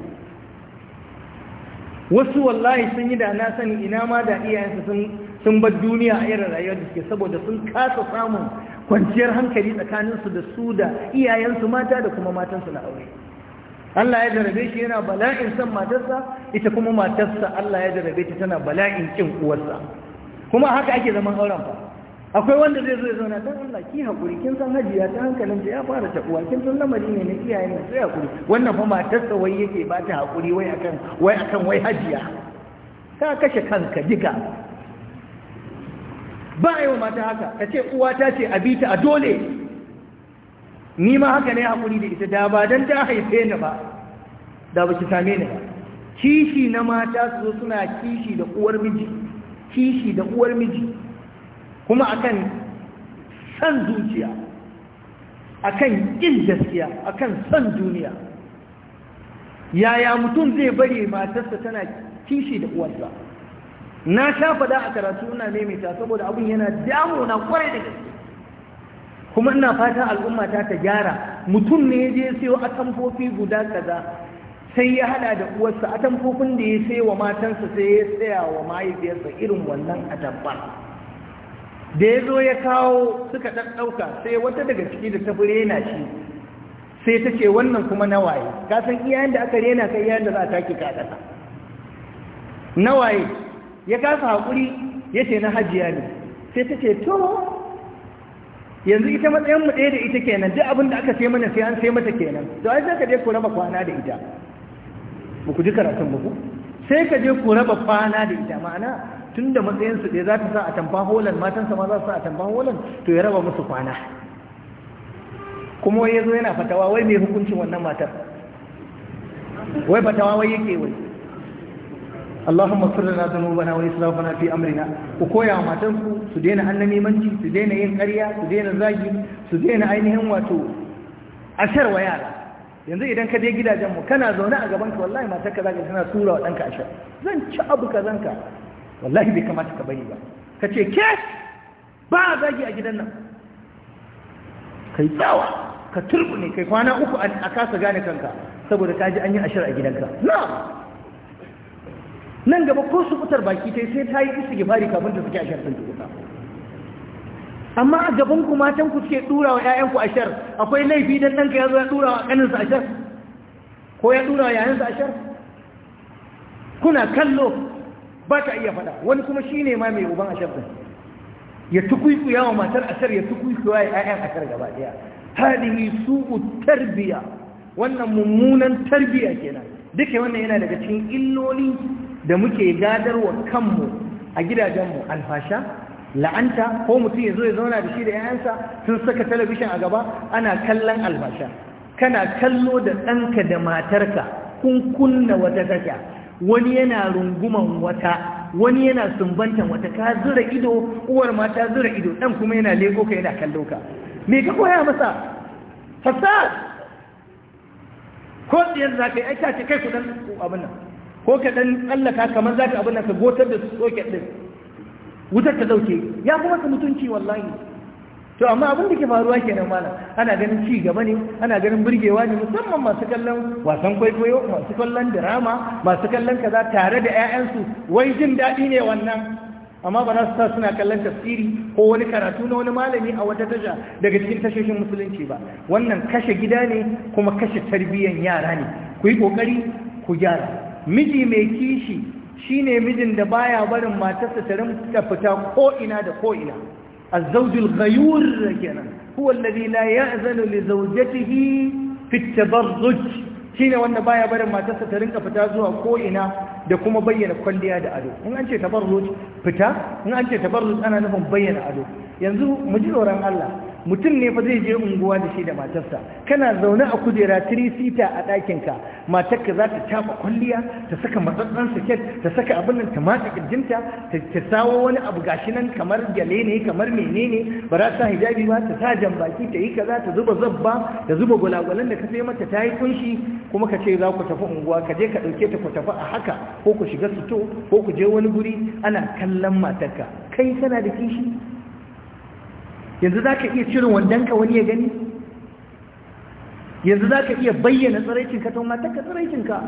wasu wallahi sun yi da na sani ina ma da iyayensa sun sun bar duniya a irin rayuwar da suke saboda sun kasa samun kwanciyar hankali tsakaninsu da su da iyayensu mata da kuma matansu na aure Allah ya jarabe shi yana bala'in son matarsa ita kuma matarsa Allah ya jarabe ta tana bala'in kin uwarsa kuma haka ake zaman auren fa akwai wanda zai zo ya zauna dan Allah ki hakuri kin san hajiya ta hankalin ta ya fara tabuwa kin san lamari ne na iyayen ne sai hakuri wannan fa matarsa wai yake ba ta hakuri wai akan wai akan wai hajiya ka kashe kanka diga ba a yi wa mata haka ka ce uwata ce a bita a dole ni ma haka ne hakuri da ita da ba don ta haife ni ba da ba ki same ni ba kishi na mata su zo suna kishi da uwar miji kishi da uwar miji kuma akan san zuciya akan ƙin gaskiya akan san duniya yaya mutum zai bari matarsa tana kishi da uwarsa na sha faɗa a karatu ina maimaita saboda abin yana damuna kwarai da gaske kuma ina fata al'umma ta ta gyara mutum ne ya je sayo atamfofi guda kaza sai ya hada da uwarsa atamfofin da ya sayo wa matansa sai ya saya wa mahaifiyarsa irin wannan atamfa da ya zo ya kawo suka ɗaɗɗauka sai wata daga ciki da ta fi rena shi sai ta ce wannan kuma nawaye ka san iyayen da aka rena kai iyayen da za a take ka Na nawaye ya kasa haƙuri ya ce na hajiya ne sai ta ce to yanzu ita matsayin mu ɗaya da ita kenan duk abin da aka sai mana sai an sai mata kenan to ai sai ka je ku raba kwana da ita ba ku ji karatun ba ku sai ka je ku raba kwana da ita ma'ana tun da matsayin su ɗaya za ta sa a tamfa holan matansa ma za su sa a tamfa holan to ya raba musu kwana kuma wai ya zo yana fatawa wai mai hukuncin wannan matar wai fatawa wai yake wai Allahumma sirri na zanubana wani israfana fi amrina ku koya wa matanku su daina annamimanci su daina yin ƙarya su daina zagi su daina ainihin wato ashar wa yara yanzu idan ka je gidajen mu kana zaune a gaban ka wallahi matarka zaka tana tura wa ɗanka ashar zan ci abu ka zanka wallahi bai kamata ka bari ba ka ce ke ba zagi a gidan nan kai tsawa ka turbune kai kwana uku a kasa gane kanka saboda ka ji an yi ashar a gidanka na'am nan gaba ko su fitar baki ta sai ta yi fari kafin ta suke ashar sun tukuta amma a gaban ku matan ku suke dura wa 'ya'yanku ku ashar akwai laifi don nan ya zo ya dura wa kanin sa ashar ko ya dura wa yayan sa ashar kuna kallo ba ta iya faɗa wani kuma shi ne ma mai uban ashar sun ya tukuku yawa matar ashar ya tukuiku yawa ya'yan ashar gaba ɗaya hadihi su'u tarbiya wannan mummunan tarbiya kenan duka wannan yana daga cikin illoli da muke gadarwa kanmu a gidajenmu alfasha la'anta ko mutum ya zo ya zauna da shi da yayansa sun saka talabishin a gaba ana kallon alfasha kana kallo da ɗanka da matarka kun kunna wata tasha wani yana runguman wata wani yana sumbantan wata ka zura ido uwar ma ta zura ido ɗan kuma yana leko ka yana kallo ka me ka koya masa fasad ko tsayar za ka yi aika kai kudan abin nan ko ka dan tsallaka kamar za ka abin ka gotar da su soket din wutar ta dauke ya fi masa mutunci wallahi to amma abin da ke faruwa kenan mana ana ganin ci gaba ne ana ganin burgewa ne musamman masu kallon wasan kwaikwayo masu kallon drama masu kallon kaza tare da 'ya'yansu wai jin daɗi ne wannan amma ba za su sa suna kallon tafsiri ko wani karatu na wani malami a wata tasha daga cikin tashoshin musulunci ba wannan kashe gida ne kuma kashe tarbiyyan yara ne ku yi ƙoƙari ku gyara miji mai kishi shine mijin da baya barin matarsa ta rinka fita ko ina da ko ina azzawjul ghayur kenan huwa alladhi la ya'zanu li zawjatihi fi at-tabarruj shine wanda baya barin matarsa ta rinka fita zuwa ko ina da kuma bayyana kwalliya da ado in an ce tabarruj fita in an ce tabarruj ana nufin bayyana ado yanzu mu ji tsoron Allah mutum ne fa zai je unguwa da shi da matarsa kana zaune a kujera sita a ɗakinka matarka za ta tafa kwalliya ta saka matsatsan saket ta saka abin nan ta mata kirjinta ta sawo wani abu gashi nan kamar gyale ne kamar menene ba za ta hijabi ba ta sa baki ta yi kaza ta zuba zabba ta zuba gwalagwalan da ka sai mata ta yi kunshi kuma ka ce za ku tafi unguwa ka je ka ɗauke ta ku tafi a haka ko ku shiga sito ko ku je wani guri ana kallon matarka kai kana da kishi yanzu za ka iya cirin wandonka wani ya gani yanzu za ka iya bayyana tsiraicinka ta wata ka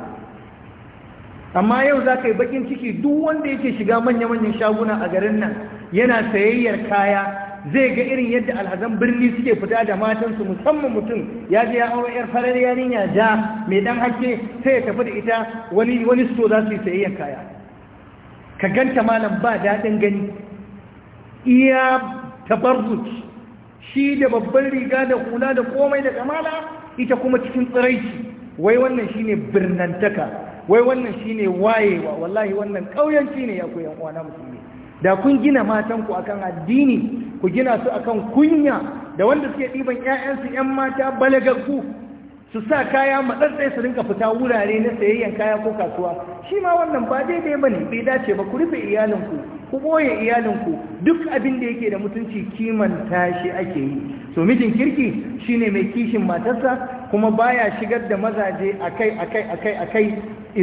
amma yau za ka yi bakin ciki duk wanda yake shiga manya-manyan shaguna a garin nan yana sayayyar kaya zai ga irin yadda alhazan birni suke fita da matansu musamman mutum ya je ya aure yar farar yarinya ja mai dan hake sai ya tafi da ita wani wani sto za su yi sayayyar kaya ka ganta malam ba daɗin gani iya tabarruj shi da babban riga da kula da komai da kamala ita kuma cikin tsiraici wai wannan shine birnantaka wai wannan shine wayewa wallahi wannan kauyanci ne ya koyan uwana musulmi da kun gina matan ku akan addini ku gina su akan kunya da wanda suke ɗiban 'ya'yansu 'yan mata balagaggu su sa kaya matsatsai su rinka fita wurare na sayayyan kaya ko kasuwa shi ma wannan ba daidai ba ne bai dace ba ku rufe iyalinku ku ɓoye iyalinku duk abin da yake da mutunci kimanta shi ake yi to mijin kirki shine mai kishin matarsa kuma baya shigar da mazaje akai akai akai akai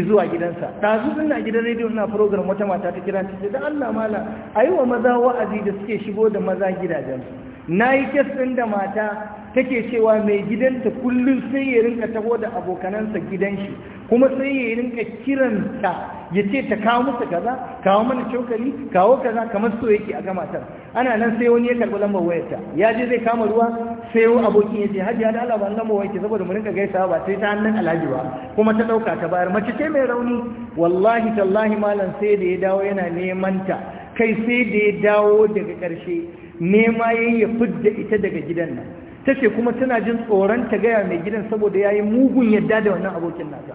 zuwa gidansa ɗazu suna gidan rediyo na program wata mata ta kira ta da Allah mala a yi wa maza wa'azi da suke shigo da maza gidajensu na yi kes ɗin da mata take cewa mai gidanta kullum sai ya rinka taho da abokanansa gidan shi kuma sai ya rinka kiranta ya ce ta kawo masa kaza kawo mana cokali kawo kaza kamar so yake a gamatar ana nan sai wani ya karɓi lambar wayarta ya je zai kama ruwa sai wani abokin ya ce hajji ya Allah ba lambar wayarki saboda mu rinka gaisawa ba sai ta hannun alhaji ba kuma ta ɗauka ta bayar mace ce mai rauni wallahi tallahi malam sai da ya dawo yana neman ta kai sai da ya dawo daga ƙarshe nema yayi ya fidda ita daga gidan nan ta ce kuma tana jin tsoron ta gaya mai gidan saboda ya yi mugun yadda da wannan abokin nata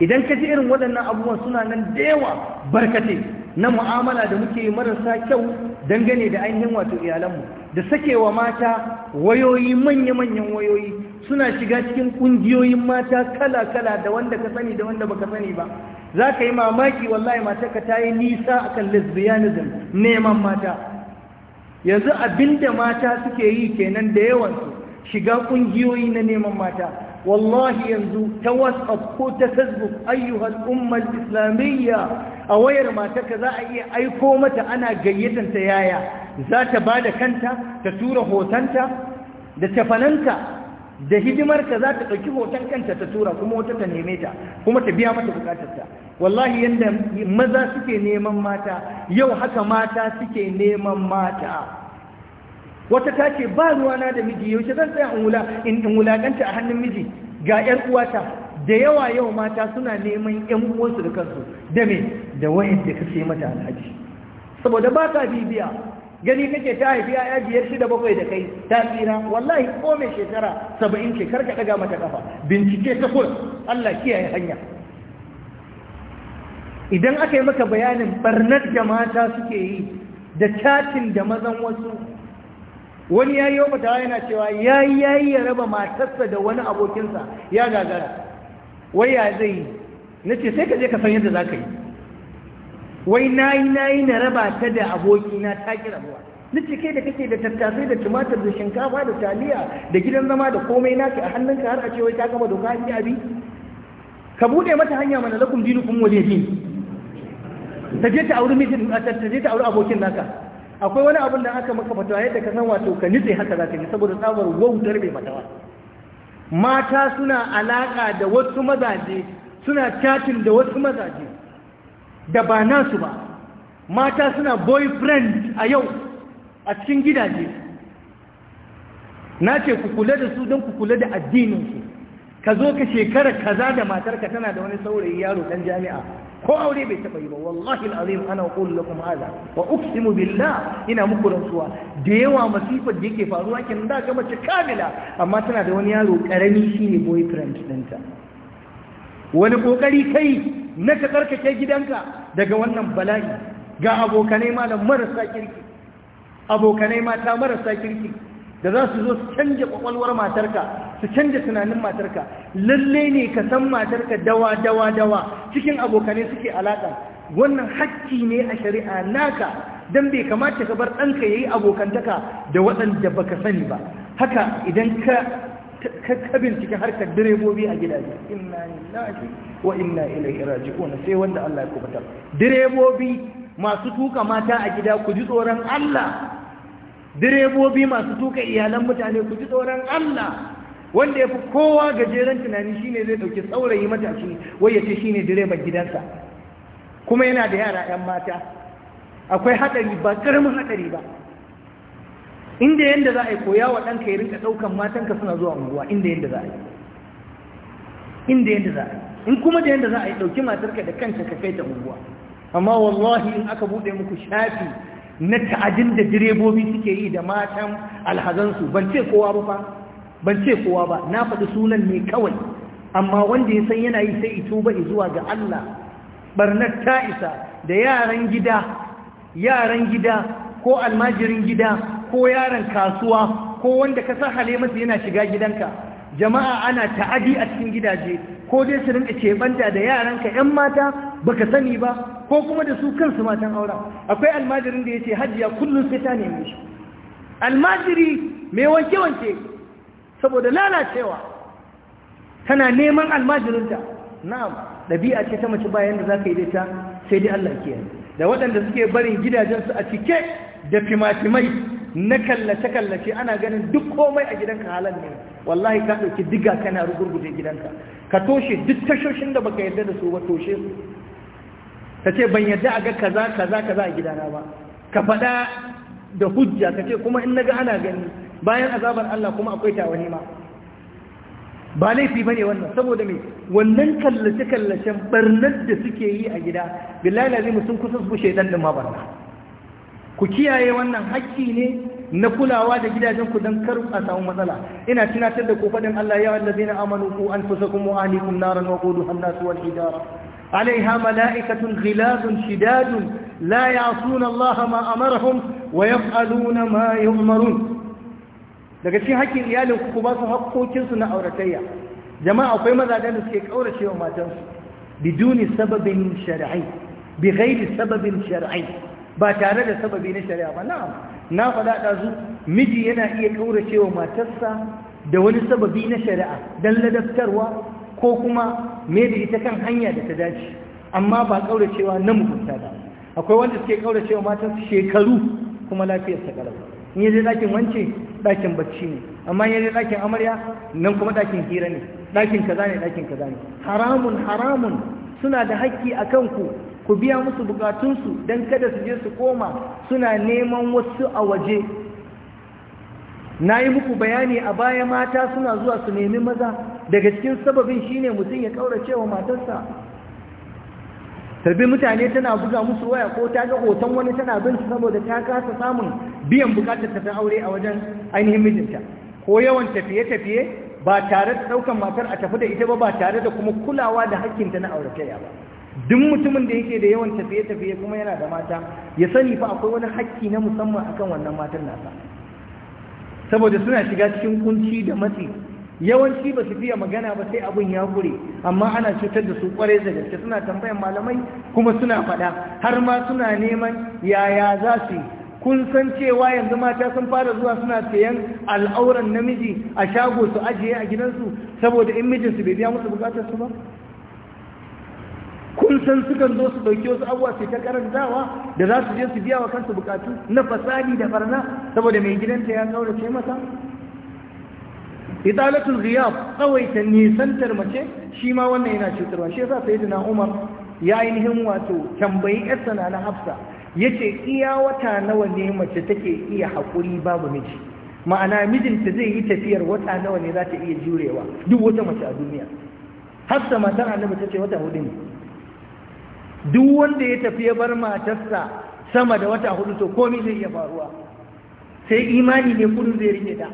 idan ka ji irin waɗannan abubuwan suna nan da yawa barkate, na mu'amala da muke marasa kyau dangane da ainihin wato iyalanmu da sakewa mata wayoyi manya-manyan wayoyi suna shiga cikin ƙungiyoyin mata kala-kala da wanda ka sani da wanda baka sani ba za ka yi mamaki wallahi matarka ta yi nisa akan lesbianism neman mata yanzu abinda mata suke yi kenan da yawansu shiga kungiyoyi na neman mata wallahi yanzu ta whatsapp ko ta facebook ayyuhal ummar islamiyya a wayar matarka za a iya aiko mata ana ta yaya za ta ba da kanta ta tura hotonta da tafananta da hidimarka za ta ɗauki hoton kanta ta tura kuma wata ta neme ta kuma ta biya mata bukatarta wallahi yanda maza suke neman mata yau haka mata suke neman mata wata ta ce ba ruwana da miji yaushe zan tsaya in wulaƙanta a hannun miji ga 'yan uwata da yawa yau mata suna neman 'yan uwansu da kansu da me da wayanda kace mata alhaji saboda ba ka bibiya gani kake ta haifi ya biyar shida bakwai da kai ta tsira wallahi ko mai shekara saba'in ce ka daga mata kafa bincike ta kun Allah kiyaye hanya idan aka yi maka bayanin barnar da mata suke yi da cacin da mazan wasu wani ya yi wa mata yana cewa ya yi ya yi ya raba matarsa da wani abokinsa ya gagara wai ya zai na ce sai ka je ka san yadda za ka yi wai na yi na yi na raba ta da abokina ta ƙi rabuwa na ce kai da kake da tattasai da tumatir da shinkafa da taliya da gidan zama da komai naki a hannunka har a ce wai ta gama doka an abi ka buɗe mata hanya mana lakum dinukum waje dini ta je ta auri mijin ta je ta auri abokin naka akwai wani abin da aka maka fatawa yadda ka san wato ka nitse haka za ka yi saboda tsabar wautar mai fatawa mata suna alaka da wasu mazaje suna chatting da wasu mazaje da ba nasu ba mata suna boyfriend a yau a cikin gidaje na ce ku kula da su don ku kula da addininsu ka zo ka shekara kaza da matarka tana da wani saurayi yaro dan jami'a ko aure bai taɓa yi ba wallahi al'azim ana qul lakum wa uqsimu billah ina muku rantsuwa da yawa masifar da yake faruwa kin da ga mace kamila amma tana da wani yaro karami shine boyfriend ɗinta wani kokari kai na ka tsarkake gidanka daga wannan bala'i ga abokanai malam marasa kirki abokanai mata marasa kirki da za su zo su canza kwakwalwar matarka su canza tunanin matarka lalle ne ka san matarka dawa dawa dawa cikin abokanai suke alaƙa wannan hakki ne a shari'a naka don bai kamata ka bar ɗanka ya yi abokantaka da waɗanda ba ka sani ba haka idan ka kabin cikin harkar direbobi a gidaje inna lillahi wa inna ilaihi raji'un sai wanda Allah ya kubutar direbobi masu tuka mata a gida ku ji tsoron Allah direbobi masu tuka iyalan mutane ku ji tsoron Allah wanda ya fi kowa gajeren tunani shine zai dauki saurayi matashi wai ya ce shine direban gidansa kuma yana da yara 'yan mata akwai haɗari ba ƙaramin haɗari ba inda yadda za a yi koya wa ɗanka ya rinka ɗaukan matanka suna zuwa unguwa inda yanda za a yi inda yadda za a yi in kuma da yadda za a yi ɗauki matarka da kanta ka kai ta unguwa amma wallahi in aka buɗe muku shafi na ta'adin da direbobi suke yi da matan alhazansu ban ce kowa ba ban ce kowa ba na faɗi sunan ne kawai amma wanda ya san yana yi sai ito ba zuwa ga Allah barnar ta da yaran gida yaran gida ko almajirin gida ko yaran kasuwa ko wanda ka san hale masa yana shiga gidanka jama'a ana ta'adi a cikin gidaje ko dai su rinka ce banda da yaranka 'yan mata baka sani ba ko kuma da su kansu matan auren akwai almajirin da ya ce hajjiya kullum fita ta mai shi almajiri mai wanke-wanke saboda lalacewa tana neman almajirinta na'am ɗabi'a ce ta mace bayan da za ka yi da ta sai dai Allah ke. da waɗanda suke barin gidajensu a cike da fimatimai na kallace-kallace ana ganin duk komai a gidanka halar ne wallahi ka ɗauki diga kana rugurguje gidanka ka toshe duk tashoshin da baka yarda da su ba toshe su ta ce ban yadda a ga kaza kaza kaza a gidana ba ka faɗa da hujja ka ce kuma in na ga ana gani bayan azabar Allah kuma akwai tawani ma ba laifi ba ne wannan saboda mai wannan kallace-kallacen barnar da suke yi a gida billahi lazimu sun kusa su shaidan ɗan ma barna ku kiyaye wannan hakki ne na kulawa da gidajen ku don kar a samu matsala ina tunatar da ku faɗin Allah ya na amanu ku anfusakum wa ahlikum naran wa quduha an-nas wal hijara عليها ملائكة غلاظ شداد لا يعصون الله ما أمرهم ويفعلون ما يؤمرون daga cikin hakkin iyalin ku ba su haƙƙoƙinsu na auratayya jama'a akwai mazajen da suke ƙaurace wa matansu biduni sababin shari'ai bi ghairi sababin shari'ai ba tare da sababi na shari'a ba na'am na faɗa ɗazu miji yana iya ƙaurace wa matarsa da wani sababi na shari'a don ladabtarwa ko kuma da ita kan hanya da ta dace amma ba kauracewa na mugunta ba akwai wanda suke kauracewa matan shekaru kuma lafiyar ta kalau in yaje dakin wance dakin bacci ne amma yaje dakin amarya nan kuma dakin hira ne dakin kaza ne dakin kaza ne haramun haramun suna da haƙƙi akan ku ku biya musu bukatunsu don kada su je su koma suna neman wasu a waje na yi muku bayani a baya mata suna zuwa su nemi maza daga cikin sababin shine mutum ya kaurace wa matarsa sabbi mutane tana buga musu waya ko ta ga hoton wani tana bin su saboda ta kasa samun biyan bukatar ta aure a wajen ainihin mijinta ko yawan tafiye-tafiye ba tare da daukan matar a tafi da ita ba ba tare da kuma kulawa da hakkinta na auratayya ba duk mutumin da yake da yawan tafiye-tafiye kuma yana da mata ya sani fa akwai wani hakki na musamman akan wannan matar nasa saboda suna shiga cikin kunci da matsi yawanci ba su fiye magana ba sai abin ya kure amma ana cutar da su kwarai da gaske suna tambayan malamai kuma suna faɗa har ma suna neman yaya za su kun san cewa yanzu mata sun fara zuwa suna sayan al'auran namiji a shago su ajiye a gidansu saboda in mijinsu bai biya musu bukatar su ba kun san sukan zo su ɗauki wasu abuwa sai ta karantawa da za su je su biya wa kansu bukatu na fasadi da barna saboda mai gidanta ya kaurace masa idalatul ghiyab tsawaita nisantar mace shi ma wannan yana cutarwa shi yasa sayyidina Umar ya ainihin wato tambayi yarsa na Hafsa yace iya wata nawa ne mace take iya hakuri babu miji ma'ana mijinta zai yi tafiyar wata nawa ne za ta iya jurewa duk wata mace a duniya Hafsa matar Annabi tace wata hudu ne duk wanda ya tafi ya bar matarsa sama da wata hudu to komai zai iya faruwa sai imani ne kudin zai rike ta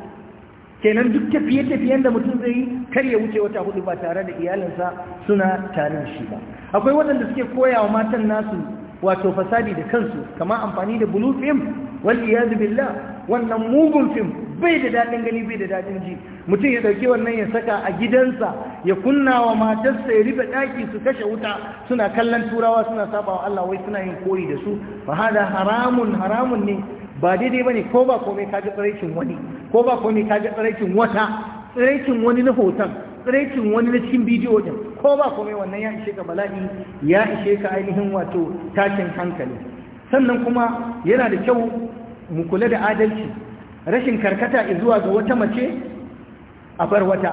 kenan duk tafiye-tafiyen da mutum zai yi kar ya wuce wata hudu ba tare da iyalinsa suna tare da shi ba akwai waɗanda suke koya wa matan nasu wato fasadi da kansu kama amfani da blue fim wal iyad wannan mugun fim bai da dadin gani bai da dadin ji mutum ya dauke wannan ya saka a gidansa ya kunna wa matarsa ya rufe daki su kashe wuta suna kallon turawa suna saba wa Allah wai suna yin koyi da su fa hada haramun haramun ne ba daidai bane ko ba komai kaga tsiraicin wani ko ba komai kaga tsiraicin wata tsiraicin wani na hoton tsiraicin wani na cikin bidiyo din ko ba komai wannan ya ishe ka bala'i ya ishe ka ainihin wato tashin hankali sannan kuma yana da kyau mu kula da adalci rashin karkata zuwa ga wata mace a bar wata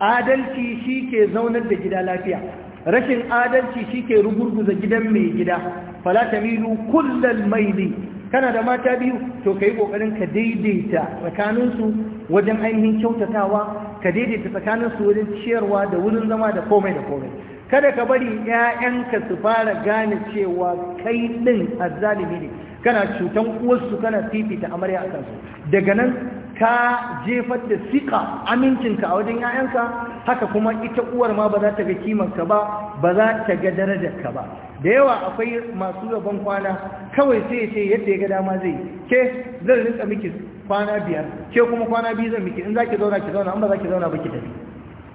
adalci shi ke zaunar da gida lafiya rashin adalci shi ke rugurguza gidan mai gida falatamilu tamilu kullal maili kana da mata biyu to ka yi ƙoƙarin ka daidaita tsakaninsu wajen ainihin kyautatawa ka daidaita tsakaninsu wajen ciyarwa da wurin zama da komai da komai kada ka bari 'ya'yanka su fara gane cewa kai ɗin azzalimi ne kana cutan uwarsu kana fifita amarya a kansu daga nan ka jefar da sika amincinka a wajen 'ya'yanka haka kuma ita uwar ma ba za ta ga kimanka ba ba za ta ga darajarka ba da yawa akwai masu rabon kwana kawai sai ya ce yadda ya ga dama zai ke zan rinka miki kwana biyar ke kuma kwana biyu zan miki in za ki zauna ki zauna in ba za ki zauna ba ki tafi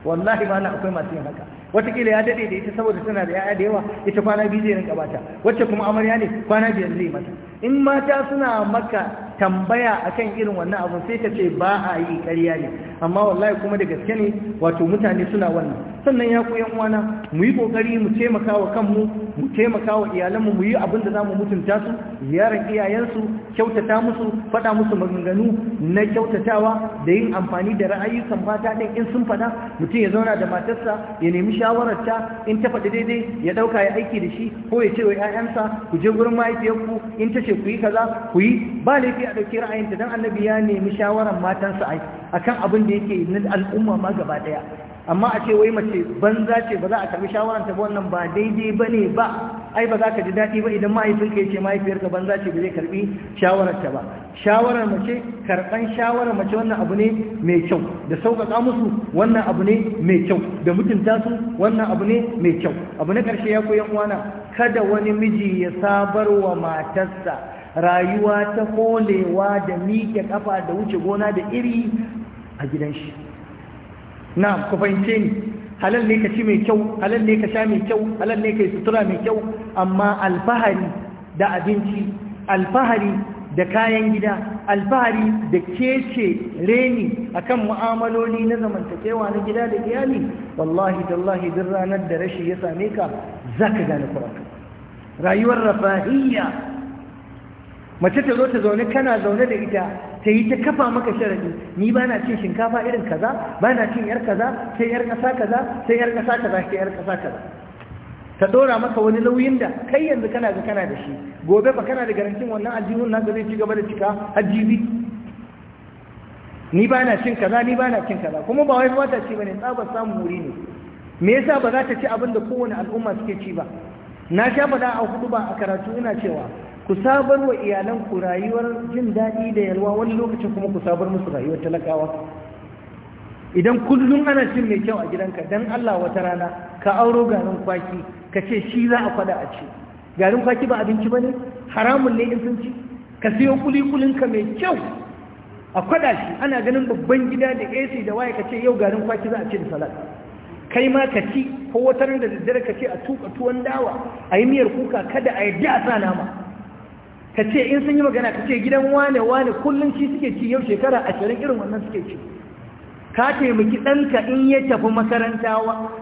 wallahi ba na akwai masu yin haka watakila ya daɗe da ita saboda tana da ya'ya da yawa ita kwana biyu zai rinka bata wacce kuma amarya ne kwana biyar zai mata in mata suna maka tambaya akan irin wannan abu sai ka ce ba a yi ƙarya ne amma wallahi kuma da gaske ne wato mutane suna wannan sannan ya ku yan uwana mu yi kokari mu taimaka wa kanmu mu taimaka wa iyalanmu mu yi abin da mu mutunta su ziyarar iyayensu kyautata musu faɗa musu maganganu na kyautatawa da yin amfani da ra'ayyukan mata ɗin. in sun faɗa mutum ya zauna da matarsa ya nemi shawararta in ta faɗi daidai ya ɗauka ya aiki da shi ko ya ce wa 'ya'yansa ku je gurin mahaifiyarku in ta ce ku yi kaza ku yi ba laifi a ɗauki ra'ayinta don annabi ya nemi shawaran matansa akan abin da yake na al'umma ma gaba ɗaya amma a ce wai mace banza ce ba za a karbi shawaran ta wannan ba daidai ba ne ba ai ba za ka ji daɗi ba idan mahaifinka ya ce mahaifiyarka banza ce ba zai karbi shawarar ta ba shawarar mace karɓan shawarar mace wannan abu ne mai kyau da sauƙaƙa musu wannan abu ne mai kyau da mutunta su wannan abu ne mai kyau abu na ƙarshe ya koyan uwana kada wani miji ya sabar wa matarsa rayuwa ta kolewa da miƙe ƙafa da wuce gona da iri a gidan shi na ku fahimce ni halal ne ka ci mai kyau halal ne ka sha mai kyau halal ne ka yi sutura mai kyau amma alfahari da abinci alfahari da kayan gida alfahari da kece reni akan mu'amaloli na zamantakewa na gida da iyali wallahi tallahi duk ranar da rashi ya same ka zaka gane kuranka rayuwar rafahiyya mace ta zo ta zaune kana zaune da ita ta yi ta kafa maka sharadi ni ba na cin shinkafa irin kaza ba na cin yar kaza sai yar kasa kaza sai yar kasa kaza sai yar kasa kaza ta dora maka wani nauyin da kai yanzu kana ga kana da shi gobe ba kana da garantin wannan aljihun naka zai ci gaba da cika hajjibi ni ba na cin kaza ni ba na cin kaza kuma ba wai ba ta ci bane tsabar samun wuri ne me yasa ba za ta ci abin da kowane al'umma suke ci ba na sha faɗa a hudu ba a karatu ina cewa ku sabar wa iyalanku rayuwar jin daɗi da yalwa wani lokacin kuma ku sabar musu rayuwar talakawa idan kullum ana cin mai kyau a gidanka don Allah wata rana ka auro garin kwaki ka ce shi za a kwada a ci garin kwaki ba abinci ba ne haramun ne in sun ci ka siyo kulikulinka mai kyau a kwada shi ana ganin babban gida da AC da waye ka ce yau garin kwaki za a ci da salat kai ma ka ci ko wata da daddare ka ce a tuka tuwon dawa a yi miyar kuka kada a yadda a sa nama ka ce in sun yi magana ka ce gidan wane wane kullum shi suke ci yau shekara ashirin irin wannan suke ci ka taimaki ɗanka in ya tafi makaranta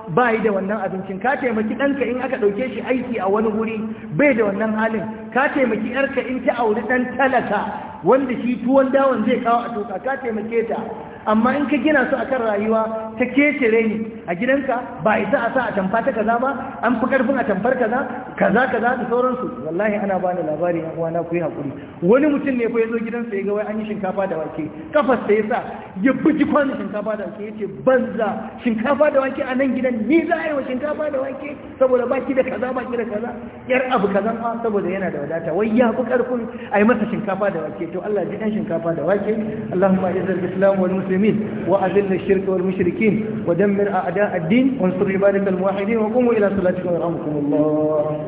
ba yi da wannan abincin ka taimaki ɗanka in aka ɗauke shi aiki a wani wuri bai da wannan halin ka taimaki yarka in ta auri ɗan talaka wanda shi tuwon dawon zai kawo a toka ka taimake ta amma in ka gina su akan rayuwa ta kece reni a gidanka ba isa a sa a tamfa ta kaza ba an fi karfin a tamfar kaza kaza kaza da sauransu wallahi ana bani ni labari yan uwana ku yi hakuri wani mutum ne ko ya zo gidansa ya ga wai an yi shinkafa da wake kafas ta yasa ya buji kwanin shinkafa da wake yace banza shinkafa da wake a nan gidan ni za a yi wa shinkafa da wake saboda baki da kaza baki da kaza yar abu kaza saboda yana da wadata wai ya fi karfin a yi masa shinkafa da wake to Allah ji dan shinkafa da wake Allahumma izzil islam wal muslimin wa azil ash-shirk wal mushrikin wa dammir a'da ad-din wa ansur ibadak al-muwahhidin wa qumu ila salatikum yarhamukum Allah